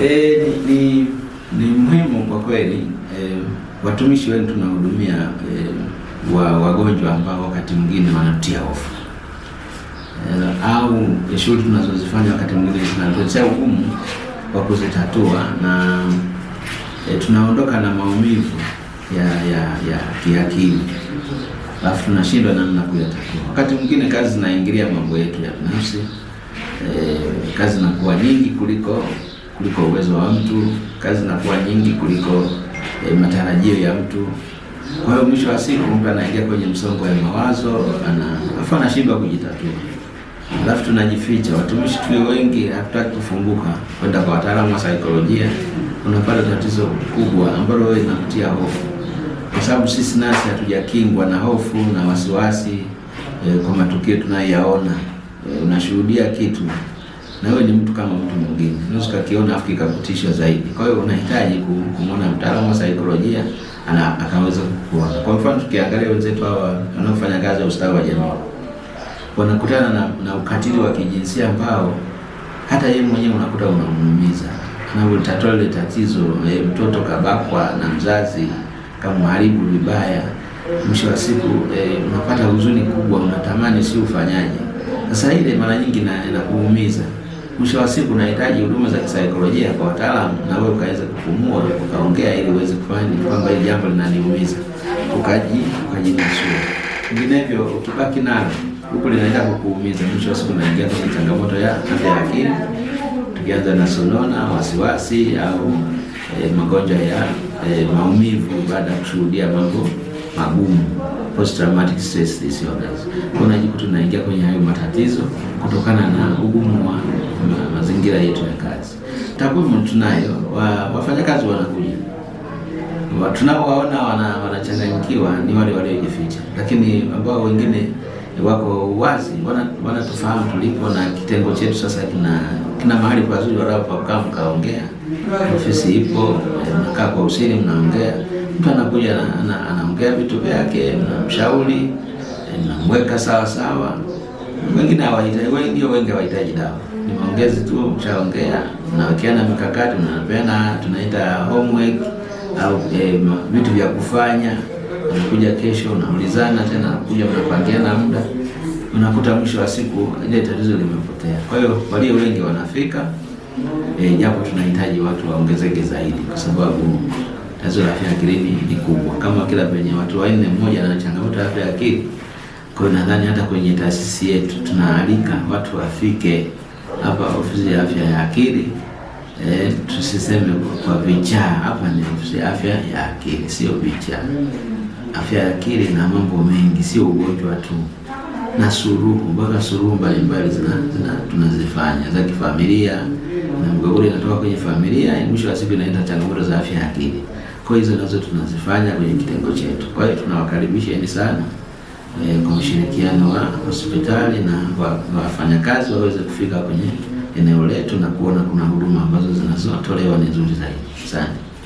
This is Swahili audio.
E, ni, ni, ni muhimu kwa kweli e, watumishi wenu tunahudumia e, wa wagonjwa ambao wakati mwingine wanatia hofu e, au shughuli tunazozifanya wakati mwingine zinatuletea ugumu wa kuzitatua na e, tunaondoka na maumivu ya ya ya kiakili alafu tunashindwa namna kuyatatua. Wakati mwingine kazi zinaingilia mambo yetu ya binafsi e, kazi zinakuwa nyingi kuliko kuliko uwezo wa mtu, kazi zinakuwa nyingi kuliko e, matarajio ya mtu. Kwa hiyo mwisho wa siku mtu anaingia kwenye msongo wa mawazo, ana afa anashindwa kujitatua, alafu tunajificha. Watumishi tulio wengi hatutaki kufunguka kwenda kwa wataalamu wa saikolojia, unapata tatizo kubwa ambalo wewe inakutia hofu, kwa sababu sisi nasi hatujakingwa na hofu na wasiwasi e, kwa matukio tunayoyaona. E, unashuhudia kitu na wewe ni mtu kama mtu mwingine, unaweza kukiona afu kikakutisha zaidi. Kwa hiyo unahitaji kumwona mtaalamu wa saikolojia ana akaweza kukua. Kwa mfano tukiangalia wenzetu hawa wanaofanya kazi ya ustawi wa jamii wanakutana na, na ukatili wa kijinsia ambao hata yeye mwenyewe unakuta unamuumiza, anavyolitatua ile tatizo e, mtoto kabakwa na mzazi kamharibu vibaya, mwisho wa siku e, unapata huzuni kubwa, unatamani si ufanyaje. Sasa ile mara nyingi inakuumiza mwisho wa siku unahitaji huduma za kisaikolojia kwa wataalamu, na wewe ukaweza kupumua ukaongea, ili uweze kufahamu kwamba hili jambo linaniumiza, ukaji ukajinasua. Vinginevyo ukibaki nalo huku linaenda kukuumiza, mwisho wa siku unaingia kwenye changamoto ya afya ya akili, tukianza na sonona, wasiwasi au e, magonjwa ya e, maumivu baada ya kushuhudia mambo magumu post traumatic stress disorders. Unajikuta unaingia kwenye hayo matatizo kutokana na ugumu wa mazingira yetu ya kazi. Takwimu tunayo, wafanyakazi wanakuja, tunaowaona wana, wanachanganyikiwa ni wale waliojificha, lakini ambao wengine wako wazi wanatufahamu wana tulipo, na kitengo chetu sasa kina kina mahali pazuri wanapokaa mkaongea, ofisi ipo, mnakaa kwa usiri mnaongea mtu anakuja anamgea vitu vyake, namshauri, eh, namweka sawa sawa. Wengine hawahitaji, wengi, wengi hawahitaji dawa, ni maongezi tu. Mshaongea, nawekeana mikakati, mnapeana tunaita homework au eh, vitu vya kufanya. Unakuja kesho, unaulizana tena, unakuja mnapangiana muda, unakuta mwisho wa siku ile tatizo limepotea. Kwa hiyo walio wengi wanafika, eh, japo eh, tunahitaji watu waongezeke zaidi kwa sababu tatizo la afya ya akili ni kubwa, kama kila penye watu wanne mmoja ana changamoto ya afya ya akili. Kwa hiyo nadhani hata kwenye taasisi yetu tunaalika watu wafike hapa ofisi ya afya ya akili. E, tusiseme kwa vichaa. Hapa ni ofisi ya afya ya akili, sio vichaa. Afya ya akili na mambo mengi, sio ugonjwa tu, na suruhu, mpaka suruhu mbalimbali zina, zina tunazifanya za kifamilia, na mgogoro inatoka kwenye familia, mwisho wa siku inaenda changamoto za afya ya akili. Kwa hizo nazo tunazifanya kwenye kitengo chetu. Kwa hiyo tunawakaribisheni sana e, kwa ushirikiano wa hospitali na wafanyakazi waweze kufika kwenye eneo letu na kuona kuna huduma ambazo zinazotolewa ni nzuri zaidi sana.